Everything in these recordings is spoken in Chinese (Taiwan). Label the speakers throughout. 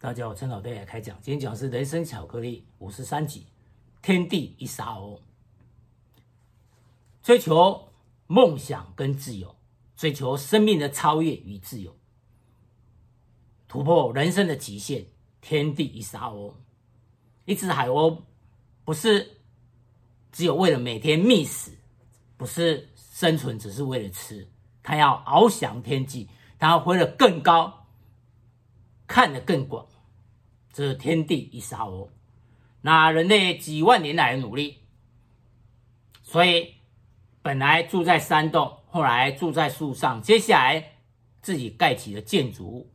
Speaker 1: 大家好，陳老爹來開講。今天講的是《人生巧克力》五十三集，《天地一沙鷗》。追求夢想跟自由，追求生命的超越與自由，突破人生的極限。天地一沙鷗，一隻海鷗不是只有為了每天覓食，不是生存，只是為了吃。它要翱翔天際，它要飛得更高。看得更廣，這是天地一沙鷗。哦，那人類幾萬年來的努力，所以本來住在山洞，後來住在樹上，接下來自己蓋起了建築物，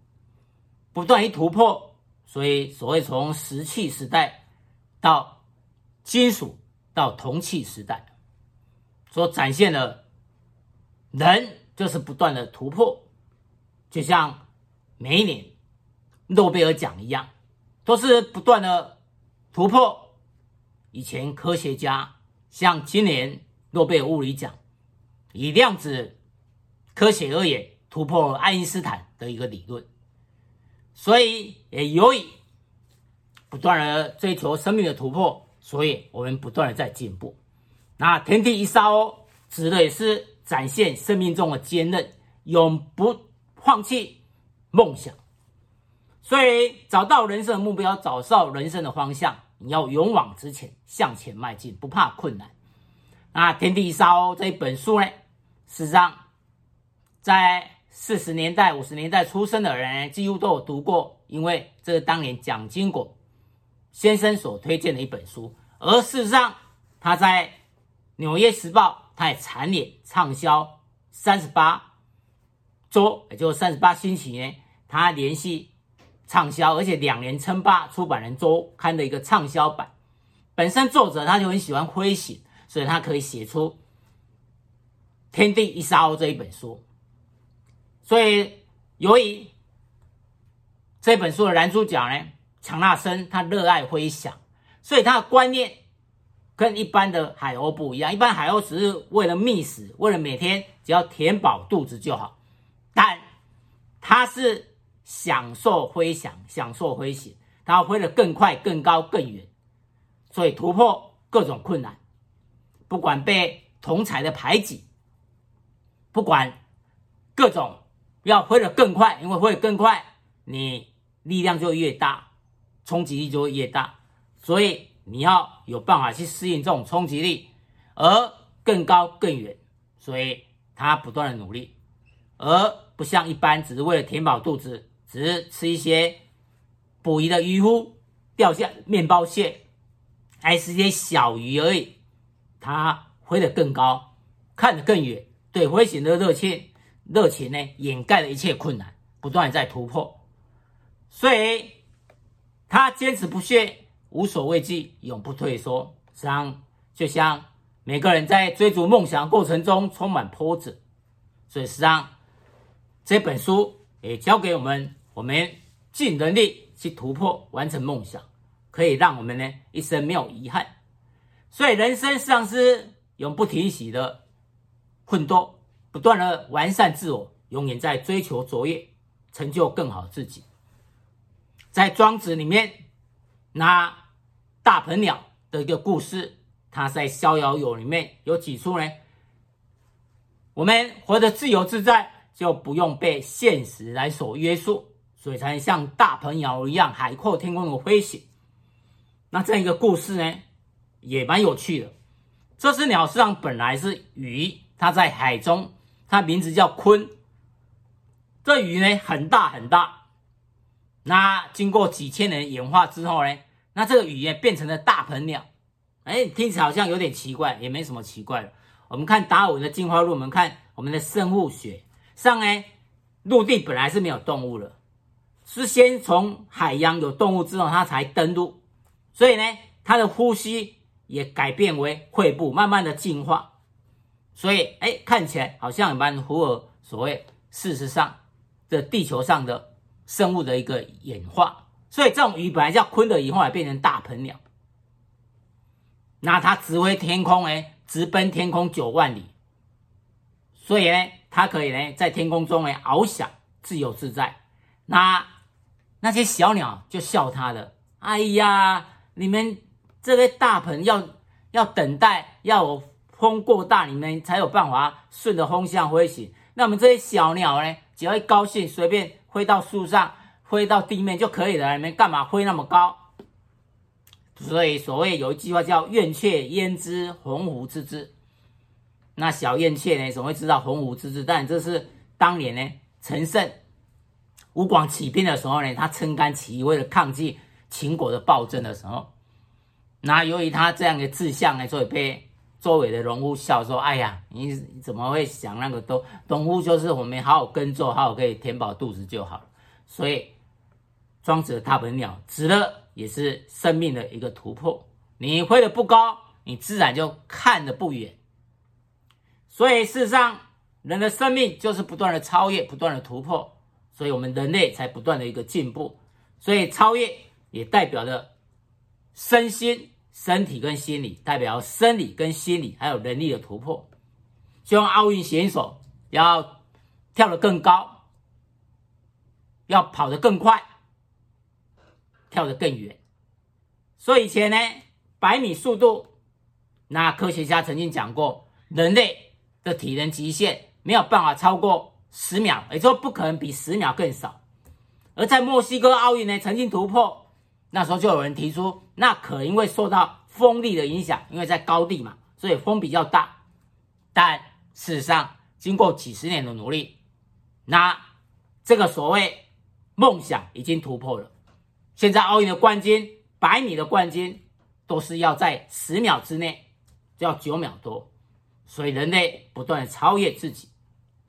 Speaker 1: 不斷一突破，所以所謂從石器時代到金屬到銅器時代，所展現的，人就是不斷的突破，就像每一年，諾貝爾獎一樣，都是不斷的突破。以前科學家像今年諾貝爾物理獎，以量子科學而言，突破了愛因斯坦的一個理論。所以，也由於不斷的追求生命的突破，所以我們不斷的在進步。那天地一沙鷗，指的也是展現生命中的堅韌，永不放棄夢想。所以找到人生的目標，找到人生的方向，你要勇往直前，向前邁進，不怕困難。那《天地一沙鷗》這一本書呢，事實上，在四十年代、五十年代出生的人幾乎都有讀過，因為這是當年蔣經國先生所推薦的一本書。而事實上，他在《紐約時報》他也蟬聯暢銷三十八周，也就三十八星期呢，他聯繫，暢銷，而且兩年稱霸出版人周刊的一個暢銷版。本身作者他就很喜歡飛行，所以他可以寫出《天地一沙鷗》這一本書。所以由於這本書的男主角呢，強納森他熱愛飛翔，所以他的觀念跟一般的海鷗不一樣。一般海鷗只是為了覓食，為了每天只要填飽肚子就好，但他是，享受飛翔，享受飛行，他要飛得更快、更高、更遠，所以突破各種困難。不管被同儕的排擠，不管各種要飛得更快，因為飛得更快，你力量就越大，衝擊力就越大，所以你要有辦法去適應這種衝擊力。而更高、更遠，所以他不斷的努力，而不像一般只是為了填飽肚子。只是吃一些捕魚的漁夫，釣下面包蟹，還是一些小魚而已。它飛得更高，看得更遠，對飛行的熱情熱情呢，掩蓋了一切困難，不斷在突破。所以，他堅持不懈，無所畏懼，永不退縮。實際上，就像每個人在追逐夢想的過程中充滿波折。所以實際上，這本書也教給我們。我們盡能力去突破，完成夢想，可以讓我們呢一生沒有遺憾。所以人生上是永不停息的奮鬥，不斷的完善自我，永遠在追求卓越，成就更好自己。在《莊子》裡面，那大鵬鳥的一個故事，它在《逍遙遊》裡面有幾處呢？我們活得自由自在，就不用被現實來所約束。所以才能像大鵬鳥一樣，海闊天空的飛行。那這一個故事呢，也蠻有趣的。這隻鳥實際上本來是魚，它在海中，它名字叫鯤。這魚呢很大很大，那經過幾千年的演化之後呢，那這個魚也變成了大鵬鳥。哎、欸，聽起來好像有點奇怪，也沒什麼奇怪的。我們看達爾文的進化論，我們看我們的生物學上呢，陸地本來是沒有動物了。是先從海洋有動物之後，它才登陸，所以呢，它的呼吸也改變為肺部，慢慢的進化，所以哎、欸，看起來好像蠻符合所謂事實上的地球上的生物的一個演化，所以這種魚本來叫鯤的，以後還變成大鵬鳥，那它直飛天空哎、欸，直奔天空九萬里，所以呢，它可以呢在天空中哎、欸、翱翔，自由自在，那。那些小鳥就笑他了。哎呀，你們這個大鵬，要要等待，要我風過大，你們才有辦法順着風向飛行。那我們這些小鳥呢，只要一高興，隨便飛到樹上，飛到地面就可以了。你們幹嘛飛那麼高？所以所謂有一句話叫“燕雀焉知鴻鵠之志”。那小燕雀呢，怎麼會知道鴻鵠之志？但這是當年呢，陳勝。吳廣起兵的時候呢，他揭竿起義，為了抗擊秦國的暴政的時候，那由於他這樣的志向呢，所以被周圍的農夫笑說：“哎呀，你怎麼會想那麼多？”農夫就是我們好好耕作，好好可以填飽肚子就好了。所以莊子的大鵬鳥，指的也是生命的一個突破。你飛得不高，你自然就看得不遠。所以，事實上人的生命就是不斷的超越，不斷的突破。所以，我們人類才不斷的一個進步。所以，超越也代表着身心、身體跟心理，代表生理跟心理還有能力的突破。希望奧運選手要跳得更高，要跑得更快，跳得更遠。所以以前呢，百米速度，那科學家曾經講過，人類的體能極限沒有辦法超過十秒，也就不可能比十秒更少。而在墨西哥奧運呢，曾經突破，那時候就有人提出，那可能因為受到風力的影響，因為在高地嘛，所以風比較大。但事實上，經過幾十年的努力，那這個所謂夢想已經突破了。現在奧運的冠軍，百米的冠軍都是要在十秒之內，就要九秒多。所以人類不斷的超越自己。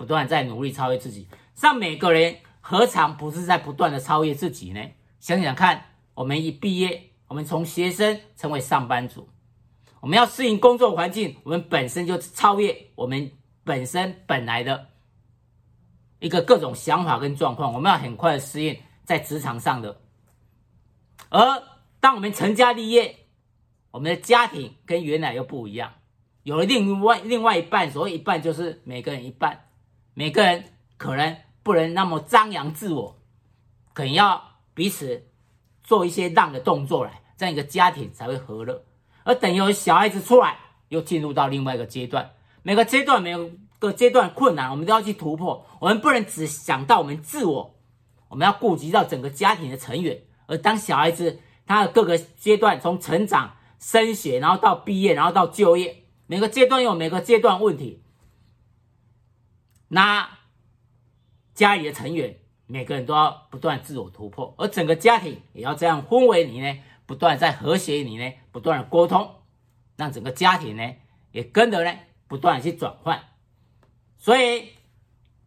Speaker 1: 不斷在努力超越自己，讓每個人何嘗不是在不斷的超越自己呢？想想看，我們一畢業，我們從學生成為上班族，我們要適應工作環境，我們本身就超越我們本身本來的一個各種想法跟狀況，我們要很快的適應在職場上的。而當我們成家立業，我們的家庭跟原來又不一樣，有了另外、另外一半，所謂一半就是每個人一半。每個人可能不能那麼張揚自我，可能要彼此做一些讓的動作來，這樣一個家庭才會和樂。而等有小孩子出來，又進入到另外一個階段，每個階段每個階段困難，我們都要去突破。我們不能只想到我們自我，我們要顧及到整個家庭的成員。而當小孩子他的各個階段，從成長、升學，然後到畢業，然後到就業，每個階段有每個階段問題。那家裡的成員每個人都要不斷自我突破，而整個家庭也要這樣氛圍裡呢，不斷在和諧裡呢，不斷的溝通，讓整個家庭呢也跟着呢不斷去轉換。所以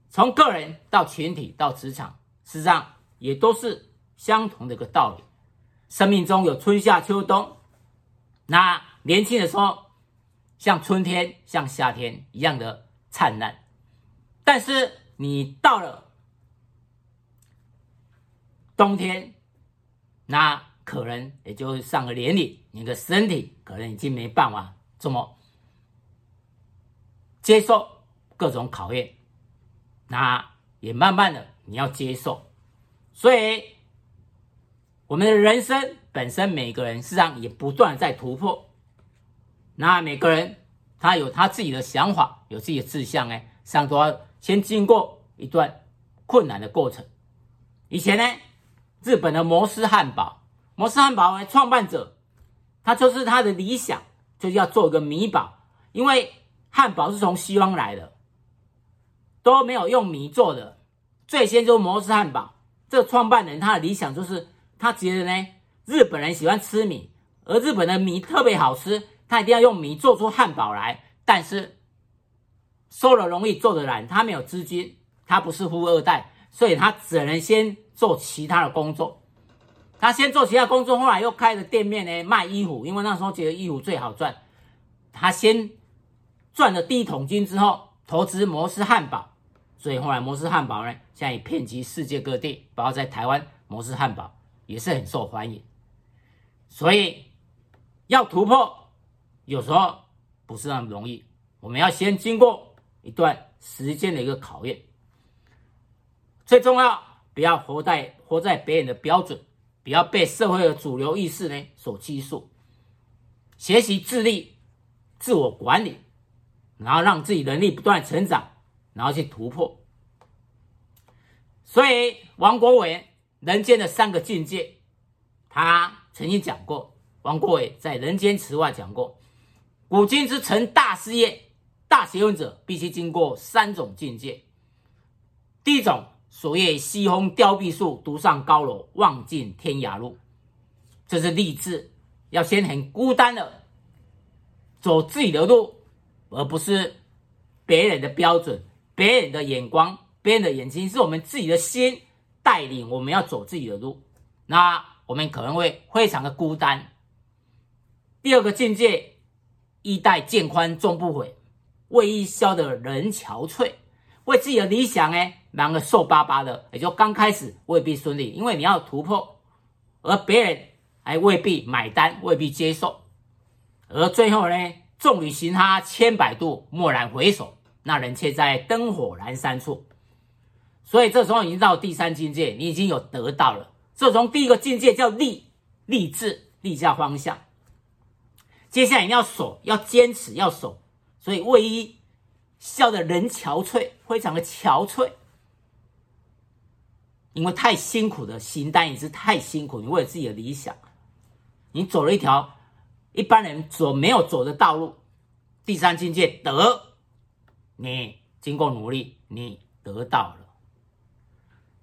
Speaker 1: 從個人到群體到職場，實際上也都是相同的一個道理。生命中有春夏秋冬，那年輕的時候像春天像夏天一樣的燦爛。但是你到了冬天，那可能也就上了年齡，你的身體可能已經沒辦法這麼接受各種考驗，那也慢慢的你要接受。所以，我們的人生本身每個人事實上也不斷在突破。那每個人他有他自己的想法，有自己的志向哎、欸，像多。先經過一段困難的過程。以前呢，日本的摩斯漢堡，摩斯漢堡的創辦者，他就是他的理想，就是要做一個米堡，因為漢堡是從西方來的，都沒有用米做的。最先做摩斯漢堡這個創辦人，他的理想就是，他覺得呢，日本人喜歡吃米，而日本的米特別好吃，他一定要用米做出漢堡來。但是，說的容易，做的難。他沒有資金，他不是富二代，所以他只能先做其他的工作。他先做其他工作，後來又開了店面呢，賣衣服。因為那時候覺得衣服最好賺。他先賺了第一桶金之後，投資摩斯漢堡。所以後來摩斯漢堡呢，現在也遍及世界各地，包括在台灣，摩斯漢堡也是很受歡迎。所以要突破，有時候不是那麼容易。我們要先經過。一段時間的一個考驗，最重要不要活在活在別人的標準，不要被社會的主流意識呢所拘束，學習自立、自我管理，然後讓自己能力不斷成長，然後去突破。所以王國維人間的三個境界，他曾經講過，王國維在《人間詞話》講過，古今之成大事業。大學問者必須經過三種境界。第一種，“所謂西風凋碧樹，獨上高樓望盡天涯路”，這是勵志，要先很孤單的走自己的路，而不是別人的標準、別人的眼光、別人的眼睛，是我們自己的心帶領我們要走自己的路。那我們可能會非常的孤單。第二個境界，“衣帶漸寬終不悔”。為伊消得人憔悴，為自己的理想哎，忙得瘦巴巴的，也就剛開始未必順利，因為你要突破，而別人還未必買單、未必接受。而最後呢，眾裡尋他千百度，驀然回首，那人卻在燈火闌珊處。所以這時候已經到第三境界，你已經有得到了。這從第一個境界叫立，立志，立下方向。接下來你要守，要堅持要守。所以為伊消得人憔悴，非常的憔悴，因為太辛苦的，形單影隻，太辛苦，你為了自己的理想，你走了一條一般人走沒有走的道路。第三境界得，你經過努力，你得到了。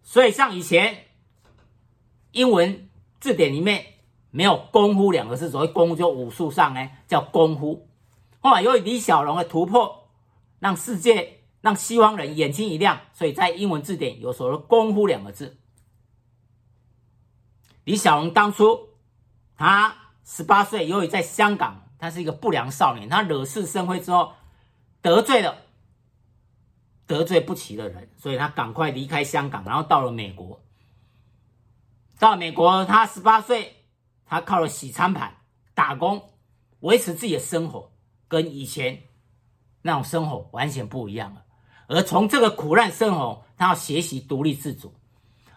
Speaker 1: 所以像以前英文字典裡面沒有功夫兩個字，所謂功夫就武術上呢，叫功夫。後來，由於李小龍的突破，讓世界、讓西方人眼睛一亮，所以在英文字典有所說“功夫”兩個字。李小龍當初，他十八歲，由於在香港他是一個不良少年，他惹是生非之後，得罪了得罪不起的人，所以他趕快離開香港，然後到了美國。到美國，他十八歲，他靠了洗餐盤打工，維持自己的生活。跟以前那種生活完全不一樣了，而從這個苦難生活，他要學習獨立自主，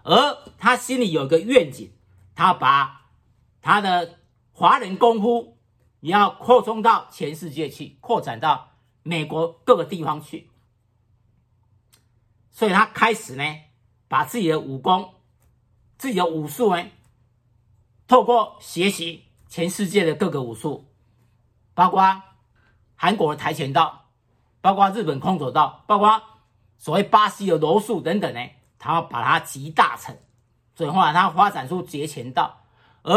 Speaker 1: 而他心裡有一個願景，他要把他的華人功夫也要擴充到全世界去，擴展到美國各個地方去，所以他開始呢，把自己的武功、自己的武術呢，透過學習全世界的各個武術，包括。韓國的跆拳道，包括日本空手道，包括所謂巴西的柔術等等呢，他要把它集大成，最後呢，他發展出截拳道，而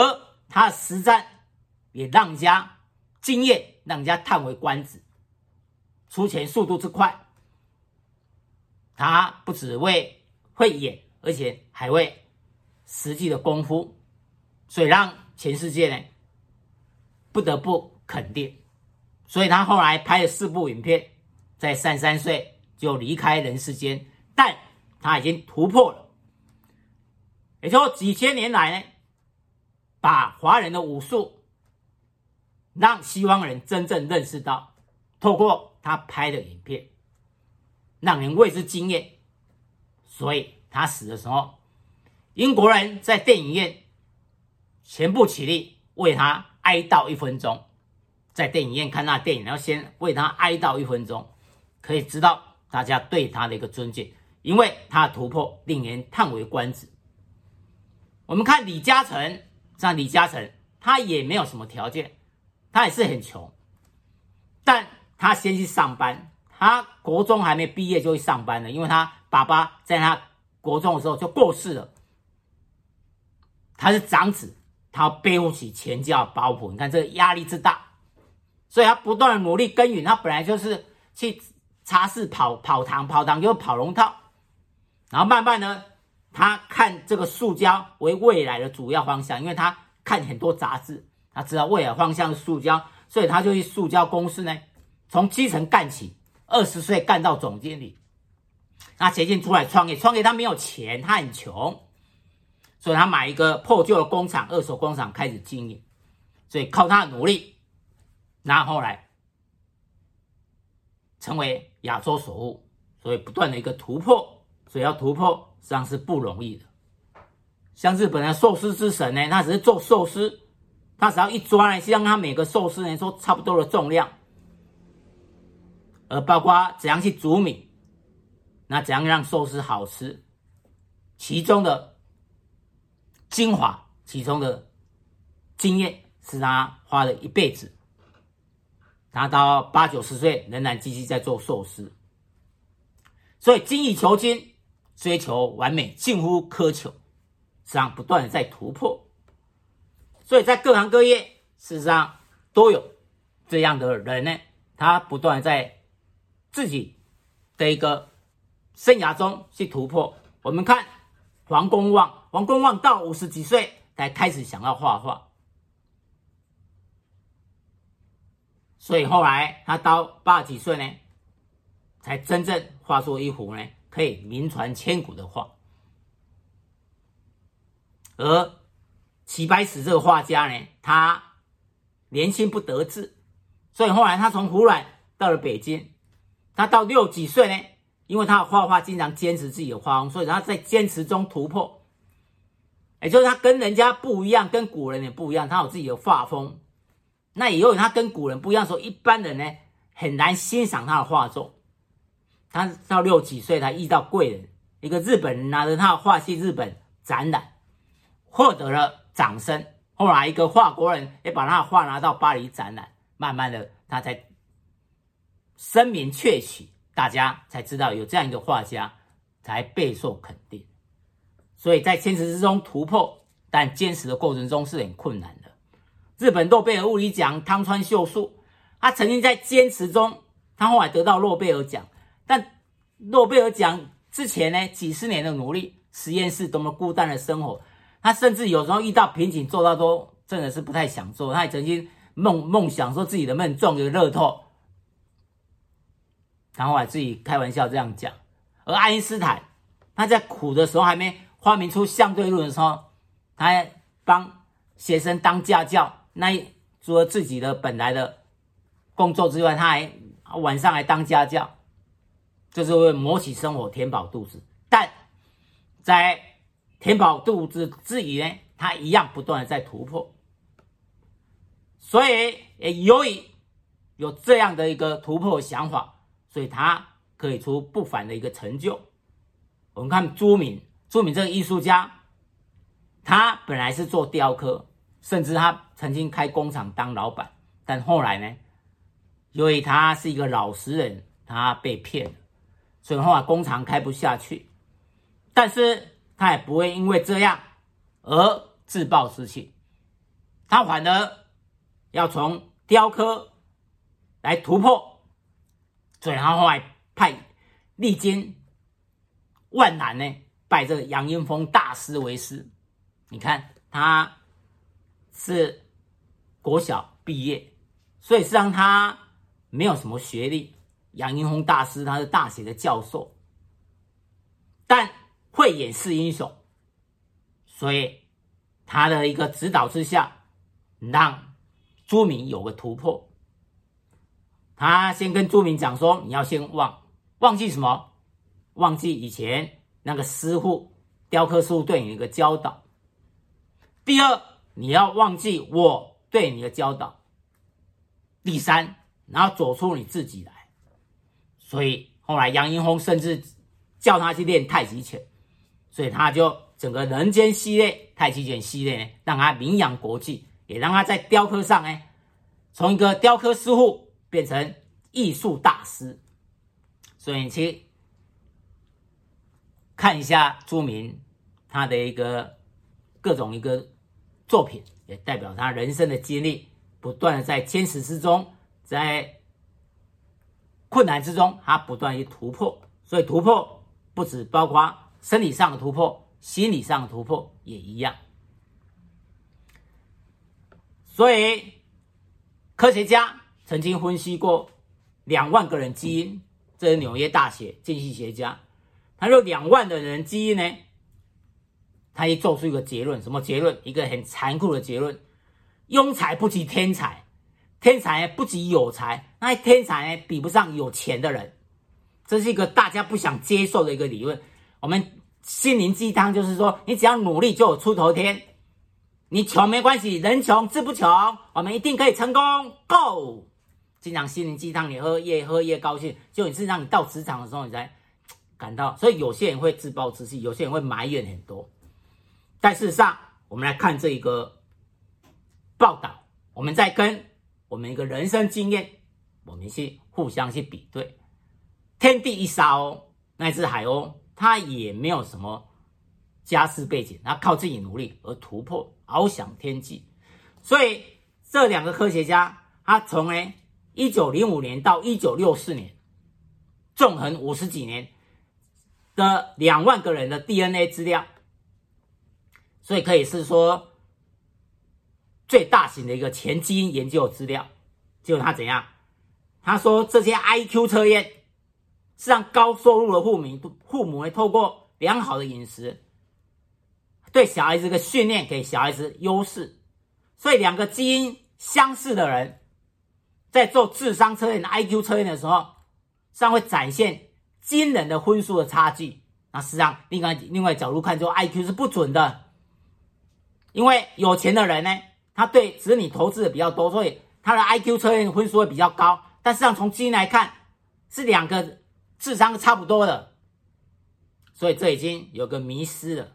Speaker 1: 他的實戰也讓人家驚艷，讓人家嘆為觀止，出拳速度之快，他不只會會演，而且還會實際的功夫，所以讓全世界呢不得不肯定。所以他後來拍了四部影片，在三十三歲就離開人世間，但他已經突破了，也就說幾千年來呢，把華人的武術讓西方人真正認識到，透過他拍的影片讓人為之驚豔。所以他死的時候，英國人在電影院全部起立為他哀悼一分鐘。在電影院看那電影，要先為他哀悼一分鐘，可以知道大家對他的一個尊敬，因為他的突破令人嘆為觀止。我們看李嘉誠，像李嘉誠，他也沒有什麼條件，他也是很窮，但他先去上班，他國中還沒畢業就去上班了，因為他爸爸在他國中的時候就過世了，他是長子，他要背負起全家包袱，你看這個壓力之大。所以他不斷的努力耕耘，他本來就是去茶室跑跑堂、跑堂就是跑龍套，然後慢慢呢，他看這個塑膠為未來的主要方向，因為他看很多雜誌，他知道未來方向是塑膠，所以他就去塑膠公司呢，從基層幹起，二十歲幹到總經理。那捷徑出來創業，創業他沒有錢，他很窮，所以他買一個破舊的工廠，二手工廠開始經營，所以靠他的努力。那後，後來成為亞洲首富，所以不斷的一個突破，所以要突破實際上是不容易的。像日本的壽司之神呢，他只是做壽司，他只要一抓呢，讓他每個壽司來說差不多的重量，而包括怎樣去煮米，那怎樣讓壽司好吃，其中的精華，其中的經驗是他花了一輩子。達到八九十歲仍然繼續在做壽司，所以精益求精，追求完美，近乎苛求，實際上不斷的在突破。所以在各行各業，事實上都有這樣的人呢，他不斷在自己的一個生涯中去突破。我們看黃公望，黃公望到五十幾歲才開始想要畫畫。所以後來他到八十幾歲呢，才真正畫出一幅呢，可以名傳千古的畫。而齊白石這個畫家呢，他年輕不得志，所以後來他從湖南到了北京。他到六幾歲呢，因為他的畫畫經常堅持自己的畫風，所以他在堅持中突破。也就是他跟人家不一樣，跟古人也不一樣，他有自己的畫風。那也由於他跟古人不一樣，說一般人呢很難欣賞他的畫作。他到六幾歲，他遇到貴人，一個日本人拿着他的畫去日本展覽，獲得了掌聲。後來一個法國人也把他的畫拿到巴黎展覽，慢慢的他才聲名鵲起，大家才知道有這樣一個畫家，才備受肯定。所以在堅持之中突破，但堅持的過程中是很困難的。日本諾貝爾物理獎湯川秀樹，他曾經在堅持中，他後來得到諾貝爾獎，但諾貝爾獎之前呢，幾十年的努力，實驗室多麼孤單的生活，他甚至有時候遇到瓶頸，做到都真的是不太想做。他也曾經夢夢想說自己的夢中有樂透，然後還自己開玩笑這樣講。而愛因斯坦，他在苦的時候還沒發明出相對論的時候，他還幫學生當家教。那除了自己的本來的工作之外，他還晚上還當家教，就是為了謀取生活、填飽肚子。但在填飽肚子之餘呢，他一樣不斷的在突破。所以，也由於有這樣的一個突破的想法，所以他可以出不凡的一個成就。我們看朱銘，朱銘這個藝術家，他本來是做雕刻。甚至他曾經開工廠當老闆，但後來呢，因為他是一個老實人，他被騙了，所以後來工廠開不下去，但是他也不會因為這樣而自暴自棄，他反而要從雕刻來突破，所以後來派歷經萬難呢，拜這個楊英風大師為師，你看他。是國小畢業，所以是讓他沒有什麼學歷。楊英風大師他是大學的教授，但慧眼識英雄，所以他的一個指導之下，讓朱銘有個突破。他先跟朱銘講說：“你要先忘忘記什麼？忘記以前那個師傅雕刻師傅對你的一個教導。”第二。你要忘記我對你的教導。第三，然後走出你自己來。所以後來楊英風甚至叫他去練太極拳，所以他就整個人間系列、太極拳系列呢，讓他名揚國際，也讓他在雕刻上呢，從一個雕刻師傅變成藝術大師。所以你去看一下朱銘他的一個各種一個。作品也代表他人生的經歷，不斷的在堅持之中，在困難之中，他不斷於突破。所以突破不止包括生理上的突破，心理上的突破也一樣。所以科學家曾經分析過兩萬個人基因，嗯、這是紐約大學經濟學家，他說兩萬的人基因呢？他一做出一個結論，什麼結論？一個很殘酷的結論：庸才不及天才，天才不及有才，那天才比不上有錢的人。這是一個大家不想接受的一個理論。我們心靈雞湯就是說，你只要努力就有出頭天，你窮沒關係，人窮志不窮，我們一定可以成功。Go！經常心靈雞湯你喝，越喝越高興，就是讓你到職場的時候，你才感到，所以有些人會自暴自棄，有些人會埋怨很多。但事實上，我們來看這一個報道，我們在跟我們一個人生經驗，我們去互相去比對。天地一沙鷗，那只海鷗，它也沒有什麼家世背景，它靠自己努力而突破，翱翔天際。所以，這兩個科學家，他從誒一九零五年到一九六四年，縱橫五十幾年的兩萬個人的 DNA 資料。所以可以是說，最大型的一個前基因研究的資料，結果他怎樣？他說這些 IQ 測驗是讓高收入的父母父母會透過良好的飲食對小孩子的訓練，給小孩子優勢。所以兩個基因相似的人，在做智商測驗、IQ 測驗的時候，實際上會展現驚人的分數的差距。那實際上另，另外另外角度看，就 IQ 是不準的。因為有錢的人呢，他對子女投資的比較多，所以他的 IQ 測驗分數會比較高。但實際上從基因來看，是兩個智商差不多的，所以這已經有個迷失了。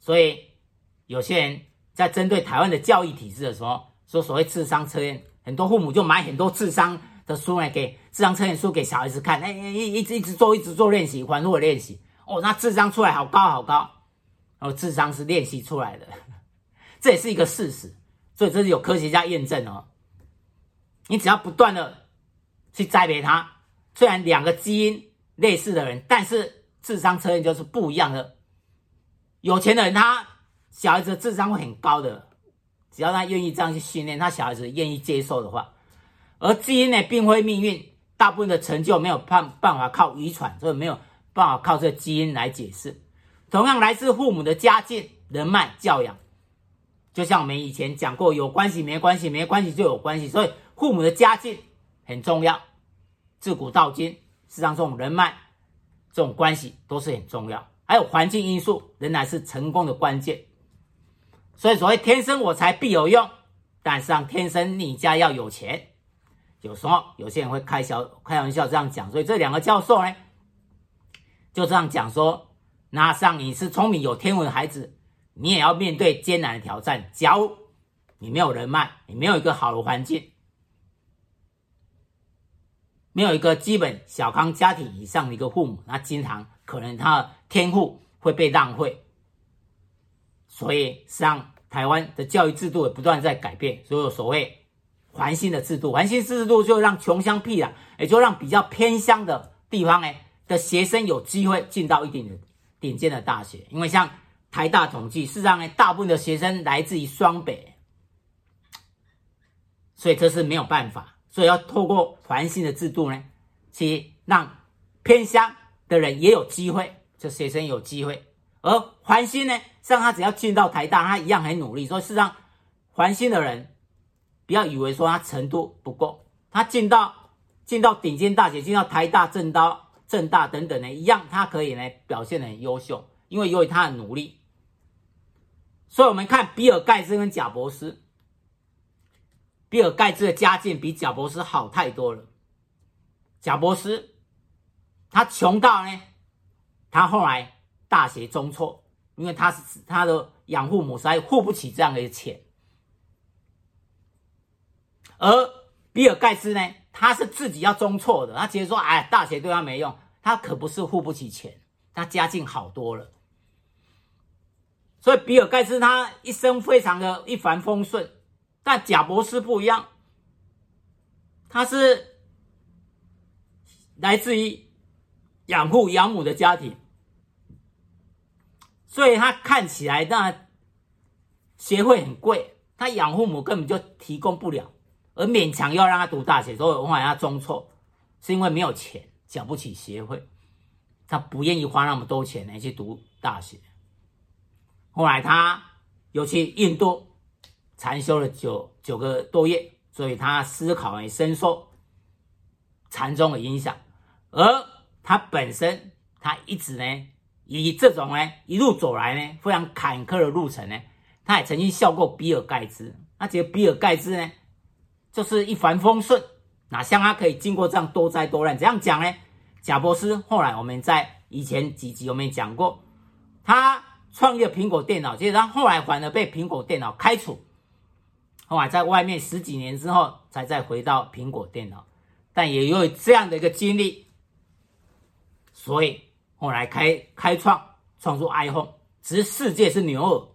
Speaker 1: 所以有些人在針對台灣的教育體制的時候，說所謂智商測驗，很多父母就買很多智商的書來給智商測驗書給小孩子看，那，一一直一直做一直做練習，反覆練習，哦那智商出來好高好高。而、哦、智商是練習出來的，這也是一個事實，所以這是有科學家驗證哦。你只要不斷的去栽培他，雖然兩個基因類似的人，但是智商差異就是不一樣的。有錢的人他，他小孩子的智商會很高的，只要他願意這樣去訓練，他小孩子願意接受的話。而基因呢，並非命運，大部分的成就沒有辦辦法靠遺傳，所以沒有辦法靠這個基因來解釋。同樣來自父母的家境、人脈、教養，就像我們以前講過，有關係沒關係，沒關係就有關係。所以父母的家境很重要，自古到今，事實上這種人脈、這種關係都是很重要。還有環境因素，仍然是成功的關鍵。所以所謂“天生我材必有用”，但是讓天生你家要有錢，有時候有些人會開小開玩笑這樣講。所以這兩個教授呢，就這樣講說。那像你是聰明有天賦的孩子，你也要面對艱難的挑戰。假如你沒有人脈，你沒有一個好的環境，沒有一個基本小康家庭以上的一個父母，那經常可能他的天賦會被浪費。所以，像台灣的教育制度也不斷在改變，所有所謂繁星的制度，繁星制度就讓窮鄉僻壤，也就讓比較偏鄉的地方呢，的學生有機會進到一定的，頂尖的大學，因為像台大統計，事實上呢，大部分的學生來自於雙北，所以這是沒有辦法，所以要透過繁星的制度呢，去讓偏鄉的人也有機會，這學生有機會。而繁星呢，事實上他只要進到台大，他一樣很努力，所以事實上繁星的人不要以為說他程度不夠，他進到進到頂尖大學，進到台大政大正大等等呢，一樣，他可以呢表現的很優秀，因為由於他的努力，所以我們看比爾蓋茨跟賈伯斯。比爾蓋茨的家境比賈伯斯好太多了，賈伯斯他窮到呢，他後來大學中輟，因為他是他的養父母實在付不起這樣的錢，而比爾蓋茨呢，他是自己要中輟的，他直接說，哎，大學對他沒用。他可不是付不起錢，他家境好多了，所以比爾蓋茨他一生非常的一帆風順，但賈伯斯不一樣，他是來自於養父養母的家庭，所以他看起來那學費很貴，他養父母根本就提供不了，而勉強要讓他讀大學，所以往往他中輟，是因為沒有錢。想不起協會，他不願意花那麼多錢呢去讀大學。後來他又去印度禪修了九九個多月，所以他思考也深受禪宗的影響。而他本身，他一直呢以這種呢一路走來呢非常坎坷的路程呢，他也曾經笑過比爾蓋茨。那這個比爾蓋茨呢，就是一帆風順，哪像他可以經過這樣多災多難，怎樣講呢？賈伯斯後來，我們在以前幾集我們也講過，他創業蘋果電腦，接着他後來反而被蘋果電腦開除，後來在外面十幾年之後才再回到蘋果電腦，但也因為這樣的一個經歷，所以後來開開創創作 iPhone，世界是牛耳，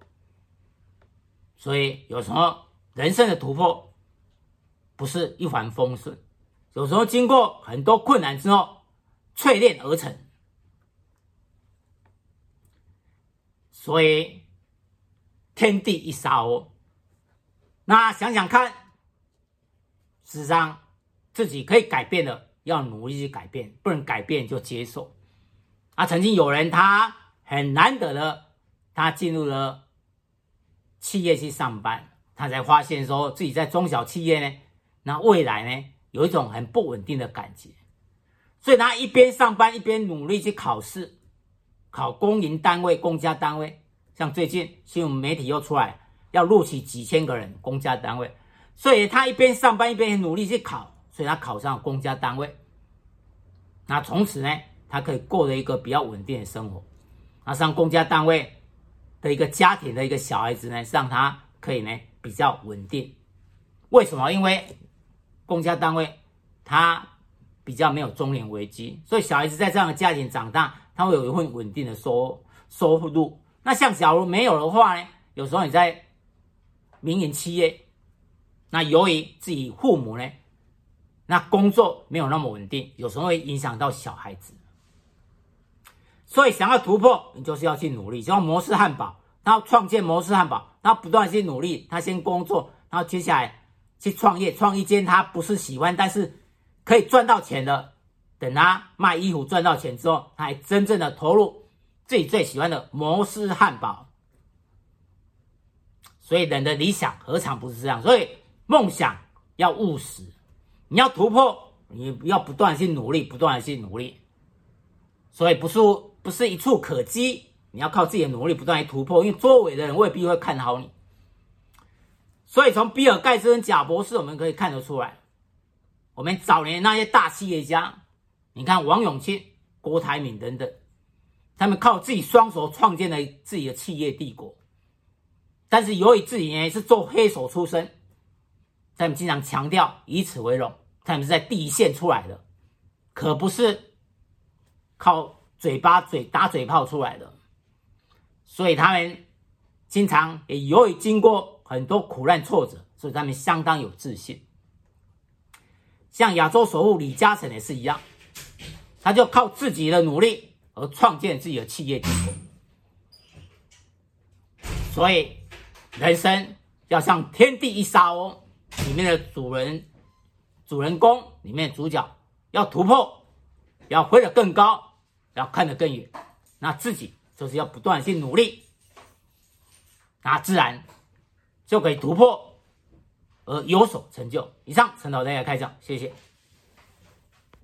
Speaker 1: 所以有時候人生的突破不是一帆風順，有時候經過很多困難之後。淬煉而成，所以天地一沙鷗。那想想看，事實上自己可以改變的，要努力去改變；不能改變就接受。啊，曾經有人他很難得的，他進入了企業去上班，他才發現說，自己在中小企業呢，那未來呢，有一種很不穩定的感覺。所以他一邊上班一邊努力去考試，考公營單位、公家單位，像最近新聞媒體又出來要錄取幾千個人公家單位，所以他一邊上班一邊努力去考，所以他考上了公家單位，那從此呢，他可以過了一個比較穩定的生活。那上公家單位的一個家庭的一個小孩子呢，讓他可以呢比較穩定。為什麼？因為公家單位他。比較沒有中年危機，所以小孩子在這樣的家庭長大，他會有一份穩定的收收入。那像假如沒有的話呢？有時候你在民營企業，那由於自己父母呢，那工作沒有那麼穩定，有時候會影響到小孩子。所以想要突破，你就是要去努力。就像摩斯漢堡，他要創建摩斯漢堡，他不斷去努力，他先工作，然後接下來去創業，創一間他不是喜歡，但是。可以賺到錢的，等他賣衣服賺到錢之後，他還真正的投入自己最喜歡的摩斯漢堡。所以人的理想何嘗不是這樣？所以夢想要務實，你要突破，你要不斷去努力，不斷的去努力。所以不是不是一蹴可幾，你要靠自己的努力不斷去突破。因為周圍的人未必會看好你。所以從比爾蓋茨跟賈伯斯，我們可以看得出來。我們早年那些大企業家，你看王永慶、郭台銘等等，他們靠自己雙手創建了自己的企業帝國。但是由於自己也是做黑手出身，他們經常強調以此為榮。他們是在第一線出來的，可不是靠嘴巴嘴打嘴炮出來的。所以他們經常也由於經過很多苦難挫折，所以他們相當有自信。像亞洲首富李嘉誠也是一樣，他就靠自己的努力而創建自己的企業。所以，人生要像《天地一沙鷗》裡面的主人、主人公、裡面的主角要突破，要飛得更高，要看得更遠，那自己就是要不斷去努力，那自然就可以突破。而有所成就。以上，陳老大家開講，謝謝。